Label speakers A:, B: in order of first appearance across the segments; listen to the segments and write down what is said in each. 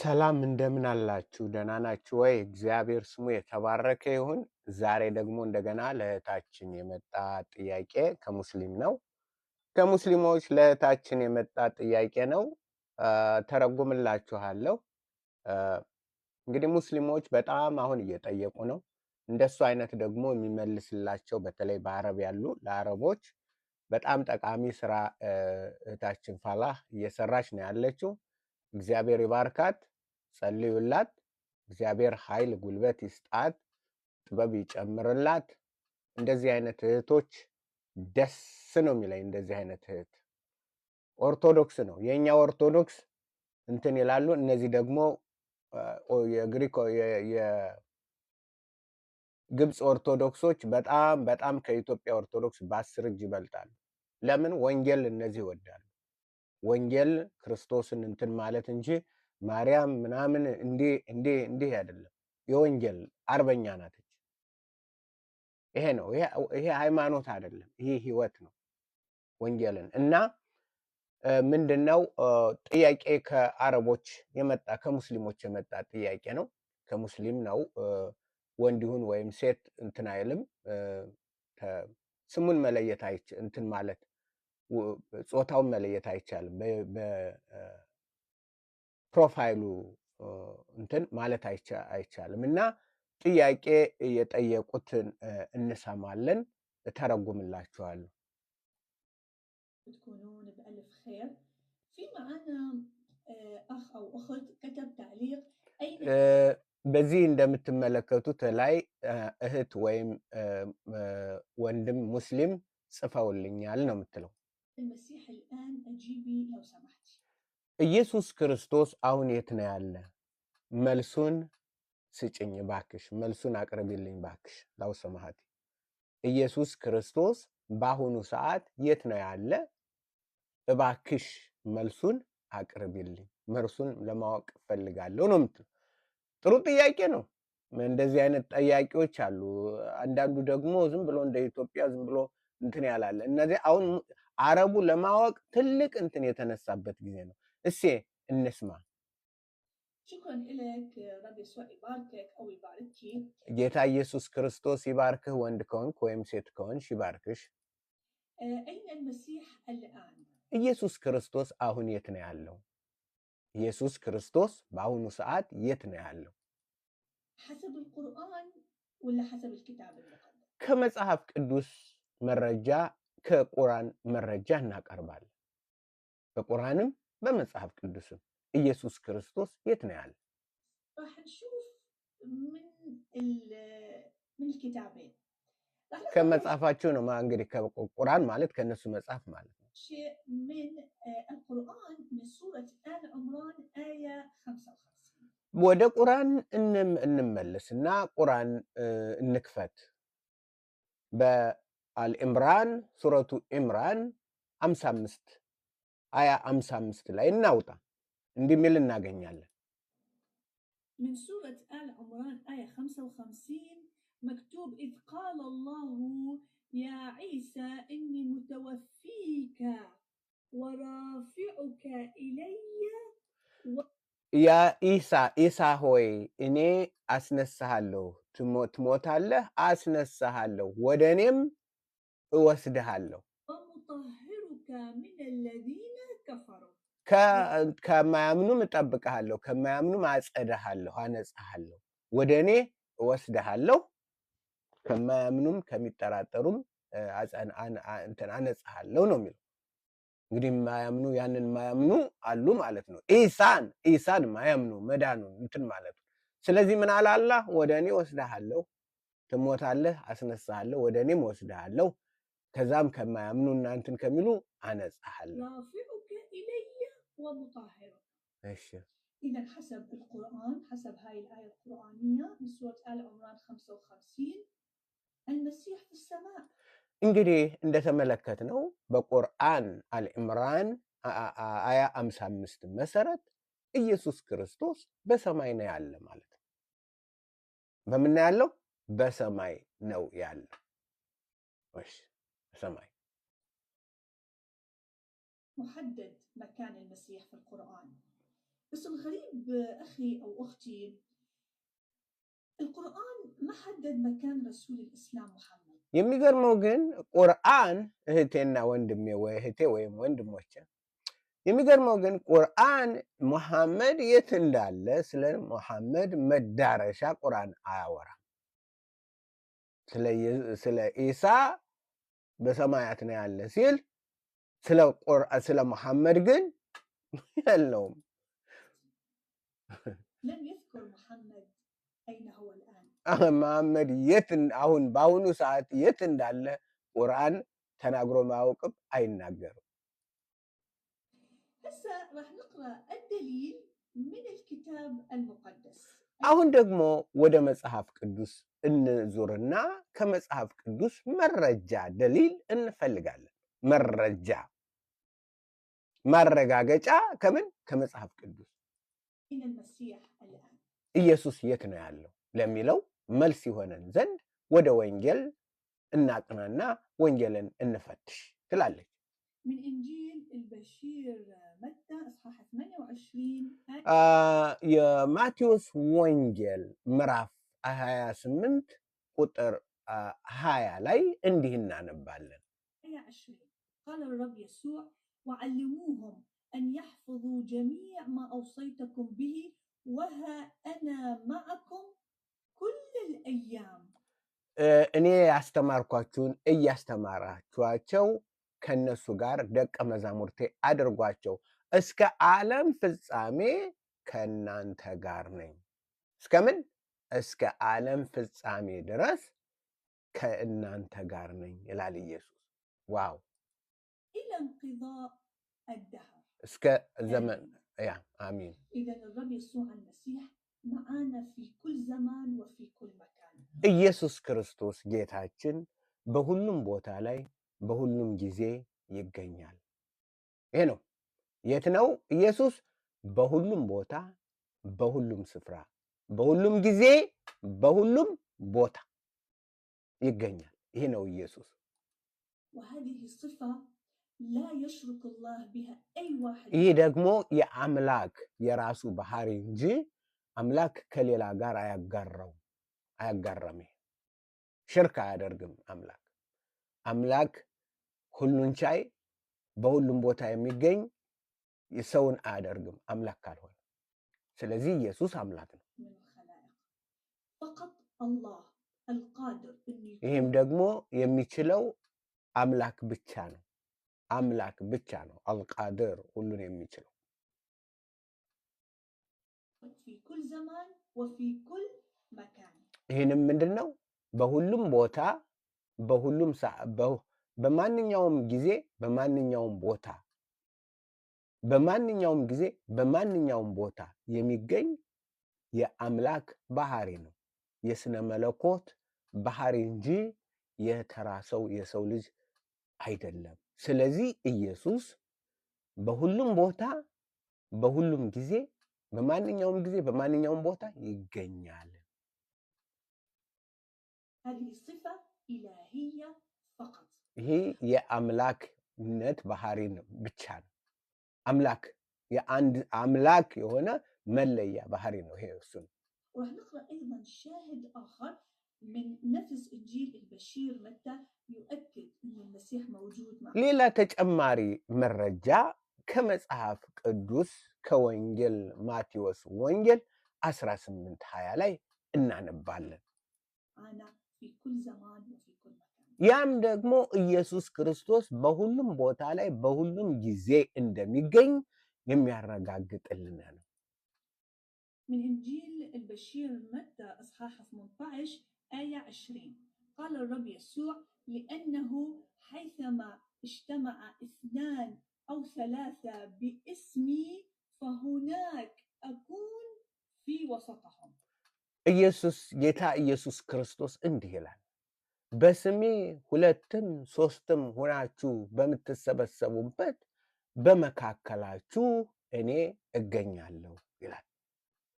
A: ሰላም እንደምን አላችሁ? ደህና ናችሁ ወይ? እግዚአብሔር ስሙ የተባረከ ይሁን። ዛሬ ደግሞ እንደገና ለእህታችን የመጣ ጥያቄ ከሙስሊም ነው። ከሙስሊሞች ለእህታችን የመጣ ጥያቄ ነው፣ ተረጉምላችኋለሁ። እንግዲህ ሙስሊሞች በጣም አሁን እየጠየቁ ነው። እንደሱ አይነት ደግሞ የሚመልስላቸው በተለይ በአረብ ያሉ ለአረቦች በጣም ጠቃሚ ስራ እህታችን ፋላህ እየሰራች ነው ያለችው። እግዚአብሔር ይባርካት። ጸልዩላት። እግዚአብሔር ኃይል ጉልበት ይስጣት፣ ጥበብ ይጨምርላት። እንደዚህ አይነት እህቶች ደስ ነው የሚለኝ። እንደዚህ አይነት እህት ኦርቶዶክስ ነው የእኛ ኦርቶዶክስ እንትን ይላሉ። እነዚህ ደግሞ የግሪክ የግብፅ ኦርቶዶክሶች በጣም በጣም ከኢትዮጵያ ኦርቶዶክስ በአስር እጅ ይበልጣሉ። ለምን? ወንጌል እነዚህ ይወዳሉ። ወንጌል ክርስቶስን እንትን ማለት እንጂ ማርያም ምናምን እንዴ እንዴ እንዴ አይደለም። የወንጌል አርበኛ ናት። ይሄ ነው ይሄ ሃይማኖት አይደለም፣ ይሄ ህይወት ነው። ወንጌልን እና ምንድነው ጥያቄ ከአረቦች የመጣ ከሙስሊሞች የመጣ ጥያቄ ነው። ከሙስሊም ነው። ወንድ ይሁን ወይም ሴት እንትን አይልም። ስሙን መለየት አይች እንትን ማለት ጾታውን መለየት አይቻልም። انتن ፕሮፋይሉ እንትን ማለት አይቻልም እና ጥያቄ من እንሰማለን ተረጉምላችኋለሁ
B: تكونون بألف خير في معانا اه، أخ أو أخت كتب تعليق
A: أي بزين عندما تملكتو تلاي أهت ويم وندم مسلم صفاو اللي نعلنا متلو
B: المسيح الآن أجيبي لو سمحتي
A: ኢየሱስ ክርስቶስ አሁን የት ነው ያለ? መልሱን ስጭኝ ባክሽ፣ መልሱን አቅርቢልኝ ባክሽ። ሰማሃት ኢየሱስ ክርስቶስ በአሁኑ ሰዓት የት ነው ያለ? እባክሽ መልሱን አቅርቢልኝ፣ መልሱን ለማወቅ እፈልጋለሁ ነው የምትለው። ጥሩ ጥያቄ ነው። እንደዚህ አይነት ጠያቂዎች አሉ። አንዳንዱ ደግሞ ዝም ብሎ እንደ ኢትዮጵያ ዝም ብሎ እንትን ያላለ እነዚህ አሁን አረቡ ለማወቅ ትልቅ እንትን የተነሳበት ጊዜ ነው። እሴ እንስማ። ጌታ ኢየሱስ ክርስቶስ ይባርክህ። ወንድ ከሆንክ ወይም ሴት ከሆንሽ ይባርክሽ። ኢየሱስ ክርስቶስ አሁን የት ነው ያለው? ኢየሱስ ክርስቶስ በአሁኑ ሰዓት የት ነው ያለው? ከመጽሐፍ ቅዱስ መረጃ ከቁራን መረጃ እናቀርባለን። በቁራንም በመጽሐፍ ቅዱስም ኢየሱስ ክርስቶስ የት ነው ያለ? ከመጽሐፋቸው ነው እንግዲህ ቁርአን ማለት ከእነሱ መጽሐፍ ማለት ነው። ወደ ቁርአን እንመለስና ቁርአን እንክፈት። በአልኢምራን ሱረቱ ኢምራን 55 አያ አምሳ አምስት ላይ እናውጣ እንዲህ ሚል እናገኛለን።
B: ምን ሱረት አል ዑምራን አያ ሀምሳ ወሀምሲን መክቱብ ኢዝ ቃለ አላሁ ያ ዒሳ እኒ ሙተወፊከ ወራፊዑከ ኢለየ
A: ያ ኢሳ ኢሳ ሆይ እኔ አስነሳሃለሁ፣ ትሞታለህ፣ አስነሳሃለሁ፣ ወደ እኔም እወስድሃለሁ
B: ከማያምኑ
A: እጠብቅሃለሁ፣ ከማያምኑ አጸድሃለሁ፣ አነጻሃለሁ፣ ወደ እኔ እወስድሃለሁ፣ ከማያምኑም ከሚጠራጠሩም አነጻሃለሁ ነው የሚለው። እንግዲህ የማያምኑ ያንን የማያምኑ አሉ ማለት ነው። ኢሳን ኢሳን ማያምኑ መዳኑ እንትን ማለት ነው። ስለዚህ ምን አላላ ወደ እኔ ወስድሃለሁ፣ ትሞታለህ፣ አስነሳሃለሁ፣ ወደ እኔም ወስድሃለሁ كزام كما يمنو ان انتن كملو انا أحل
B: نافعك الي ومطهر ايش اذا حسب القران حسب هاي الايه القرانيه من سوره ال عمران 55 المسيح في السماء
A: انجري اند تملكتنا بقران ال عمران آية أمس أمست مسرت إيسوس كريستوس بسماي نيال مالك بمن نيالو بسماي نو يعلم وش سمعي
B: محدد مكان المسيح في القرآن بس الغريب أخي أو أختي القرآن ما حدد مكان رسول الإسلام محمد
A: የሚገርመው ግን ቁርአን እህቴና ወንድሜ ወይ እህቴ ወይም ወንድሞቼ የሚገርመው ግን ቁርአን መሐመድ የት እንዳለ ስለ መሐመድ መዳረሻ ቁርአን አያወራም። ስለ ኢሳ በሰማያት ነው ያለ ሲል ስለ ቁርአን ስለ መሐመድ ግን የለውም። መሐመድ የት አሁን በአሁኑ ሰዓት የት እንዳለ ቁርአን ተናግሮ ማያውቅም፣ አይናገርም። አሁን ደግሞ ወደ መጽሐፍ ቅዱስ እንዙርና ከመጽሐፍ ቅዱስ መረጃ ደሊል እንፈልጋለን። መረጃ ማረጋገጫ ከምን ከመጽሐፍ ቅዱስ ኢየሱስ የት ነው ያለው ለሚለው መልስ ይሆነን ዘንድ ወደ ወንጌል እናቅናና ወንጌልን እንፈትሽ ትላለች። የማቴዎስ ወንጌል ምዕራፍ 28 ቁጥር 20 ላይ እንዲህ እናነባለን።
B: ቃለ ረብ የሱዕ ወዓልሙሁም አን የሕፍዙ ጀሚዕ ማ አውሰይተኩም ብሂ ወሀ አና ማዕኩም ኩለል አያም
A: እኔ ያስተማርኳችሁን እያስተማራችኋቸው ከነሱ ጋር ደቀ መዛሙርቴ አድርጓቸው እስከ ዓለም ፍጻሜ ከእናንተ ጋር ነኝ። እስከምን እስከ ዓለም ፍጻሜ ድረስ ከእናንተ ጋር ነኝ ይላል ኢየሱስ። ዋው! እስከ ዘመን ያ አሚን። ኢየሱስ ክርስቶስ ጌታችን በሁሉም ቦታ ላይ በሁሉም ጊዜ ይገኛል። ይሄ ነው። የት ነው ኢየሱስ? በሁሉም ቦታ በሁሉም ስፍራ በሁሉም ጊዜ በሁሉም ቦታ ይገኛል። ይህ ነው ኢየሱስ። ይህ ደግሞ የአምላክ የራሱ ባህሪ እንጂ አምላክ ከሌላ ጋር አያጋራው አያጋራም። ሽርክ አያደርግም። አምላክ አምላክ ሁሉን ቻይ በሁሉም ቦታ የሚገኝ ሰውን አያደርግም አምላክ ካልሆነ። ስለዚህ ኢየሱስ አምላክ ነው። ይህም ደግሞ የሚችለው አምላክ ብቻ ነው። አምላክ ብቻ ነው አልቃድር ሁሉን የሚችለው ይህንም ምንድን ነው በሁሉም ቦታ በሁሉም በማንኛውም ጊዜ በማንኛውም ቦታ በማንኛውም ጊዜ በማንኛውም ቦታ የሚገኝ የአምላክ ባህሪ ነው። የስነ መለኮት ባህሪ እንጂ የተራ ሰው የሰው ልጅ አይደለም። ስለዚህ ኢየሱስ በሁሉም ቦታ በሁሉም ጊዜ በማንኛውም ጊዜ በማንኛውም ቦታ ይገኛል። ይሄ የአምላክነት ባህሪ ነው ብቻ ነው። አምላክ የአንድ አምላክ የሆነ መለያ ባህሪ ነው ይሄ እሱ ነው።
B: وراح نقرأ أيضا شاهد آخر من نفس إنجيل البشير متى يؤكد أن المسيح موجود معه
A: ليلة تجمعري مرجع ከመጽሐፍ ቅዱስ ከወንጌል ማቴዎስ ወንጌል 18 20 ላይ እናነባለን። ያም ደግሞ ኢየሱስ ክርስቶስ በሁሉም ቦታ ላይ በሁሉም ጊዜ እንደሚገኝ የሚያረጋግጥልን ነው።
B: من إنجيل البشير متى إصحاح 18 آية 20 قال الرب يسوع لأنه حيثما اجتمع اثنان أو ثلاثة باسمي فهناك أكون في وسطهم
A: ኢየሱስ ጌታ ኢየሱስ ክርስቶስ እንዲህ ይላል በስሜ ሁለትም ሶስትም ሆናችሁ በምትሰበሰቡበት በመካከላችሁ እኔ እገኛለሁ ይላል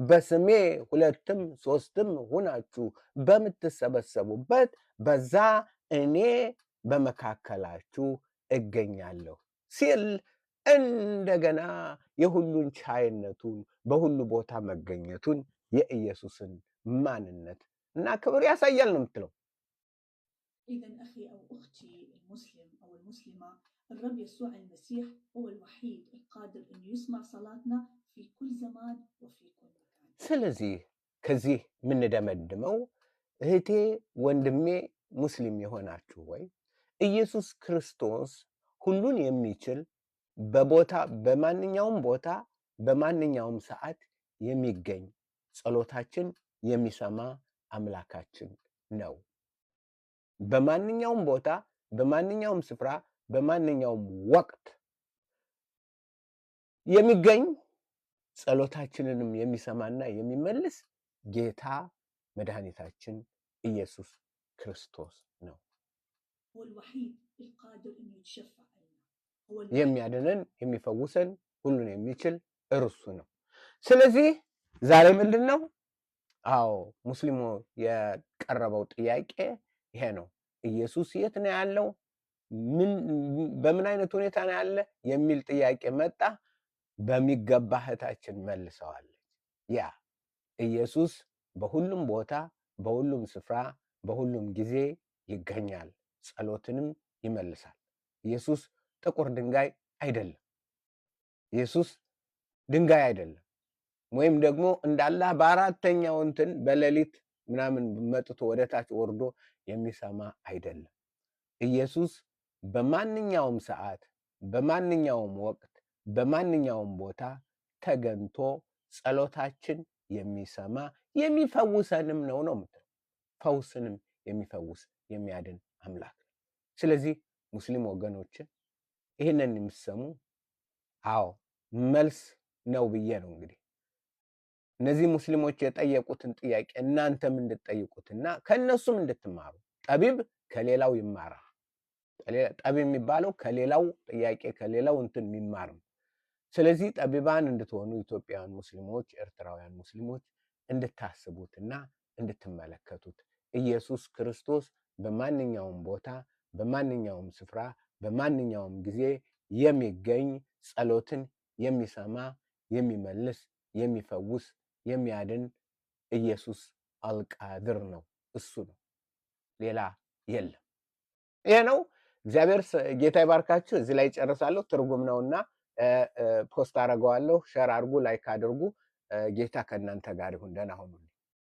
A: بسمي ولا تم سوستم هنا تو بمتسبسبو بات بزا اني بمكاكلاتو اجنيالو سيل اندغنا يهلون شاينتون بهلو بوتا مجنيتون يا يسوسن ماننت ناكبر يا سيال نمتلو
B: اذا اخي او اختي المسلم او المسلمه الرب يسوع المسيح هو الوحيد القادر ان يسمع صلاتنا في كل زمان وفي كل
A: ስለዚህ ከዚህ የምንደመድመው እህቴ ወንድሜ ሙስሊም የሆናችሁ ወይ ኢየሱስ ክርስቶስ ሁሉን የሚችል በቦታ በማንኛውም ቦታ በማንኛውም ሰዓት የሚገኝ ጸሎታችን የሚሰማ አምላካችን ነው። በማንኛውም ቦታ በማንኛውም ስፍራ በማንኛውም ወቅት የሚገኝ ጸሎታችንንም የሚሰማና የሚመልስ ጌታ መድኃኒታችን ኢየሱስ ክርስቶስ ነው። የሚያድነን የሚፈውሰን ሁሉን የሚችል እርሱ ነው። ስለዚህ ዛሬ ምንድን ነው? አዎ ሙስሊሙ የቀረበው ጥያቄ ይሄ ነው። ኢየሱስ የት ነው ያለው? በምን አይነት ሁኔታ ነው ያለ የሚል ጥያቄ መጣ። በሚገባ እህታችን መልሰዋለች። ያ ኢየሱስ በሁሉም ቦታ፣ በሁሉም ስፍራ፣ በሁሉም ጊዜ ይገኛል። ጸሎትንም ይመልሳል። ኢየሱስ ጥቁር ድንጋይ አይደለም። ኢየሱስ ድንጋይ አይደለም። ወይም ደግሞ እንዳላ በአራተኛው እንትን በሌሊት ምናምን መጥቶ ወደ ታች ወርዶ የሚሰማ አይደለም። ኢየሱስ በማንኛውም ሰዓት በማንኛውም ወቅት በማንኛውም ቦታ ተገንቶ ጸሎታችን የሚሰማ የሚፈውሰንም ነው ነው የምትለው። ፈውስንም የሚፈውስ የሚያድን አምላክ ነው። ስለዚህ ሙስሊም ወገኖችን ይህንን የምትሰሙ አዎ መልስ ነው ብዬ ነው እንግዲህ እነዚህ ሙስሊሞች የጠየቁትን ጥያቄ እናንተም እንድትጠይቁትና ከእነሱም እንድትማሩ። ጠቢብ ከሌላው ይማራል። ጠቢብ የሚባለው ከሌላው ጥያቄ ከሌላው እንትን የሚማር ነው። ስለዚህ ጠቢባን እንድትሆኑ ኢትዮጵያውያን ሙስሊሞች፣ ኤርትራውያን ሙስሊሞች እንድታስቡትና እንድትመለከቱት ኢየሱስ ክርስቶስ በማንኛውም ቦታ በማንኛውም ስፍራ በማንኛውም ጊዜ የሚገኝ ጸሎትን የሚሰማ የሚመልስ፣ የሚፈውስ፣ የሚያድን ኢየሱስ አልቃድር ነው። እሱ ነው፣ ሌላ የለም። ይሄ ነው። እግዚአብሔር ጌታ ይባርካችሁ። እዚህ ላይ ጨርሳለሁ። ትርጉም ነውና ፖስት አደርገዋለሁ። ሸር አድርጉ፣ ላይክ አድርጉ። ጌታ ከእናንተ ጋር ይሁን። ደህና ሁኑ።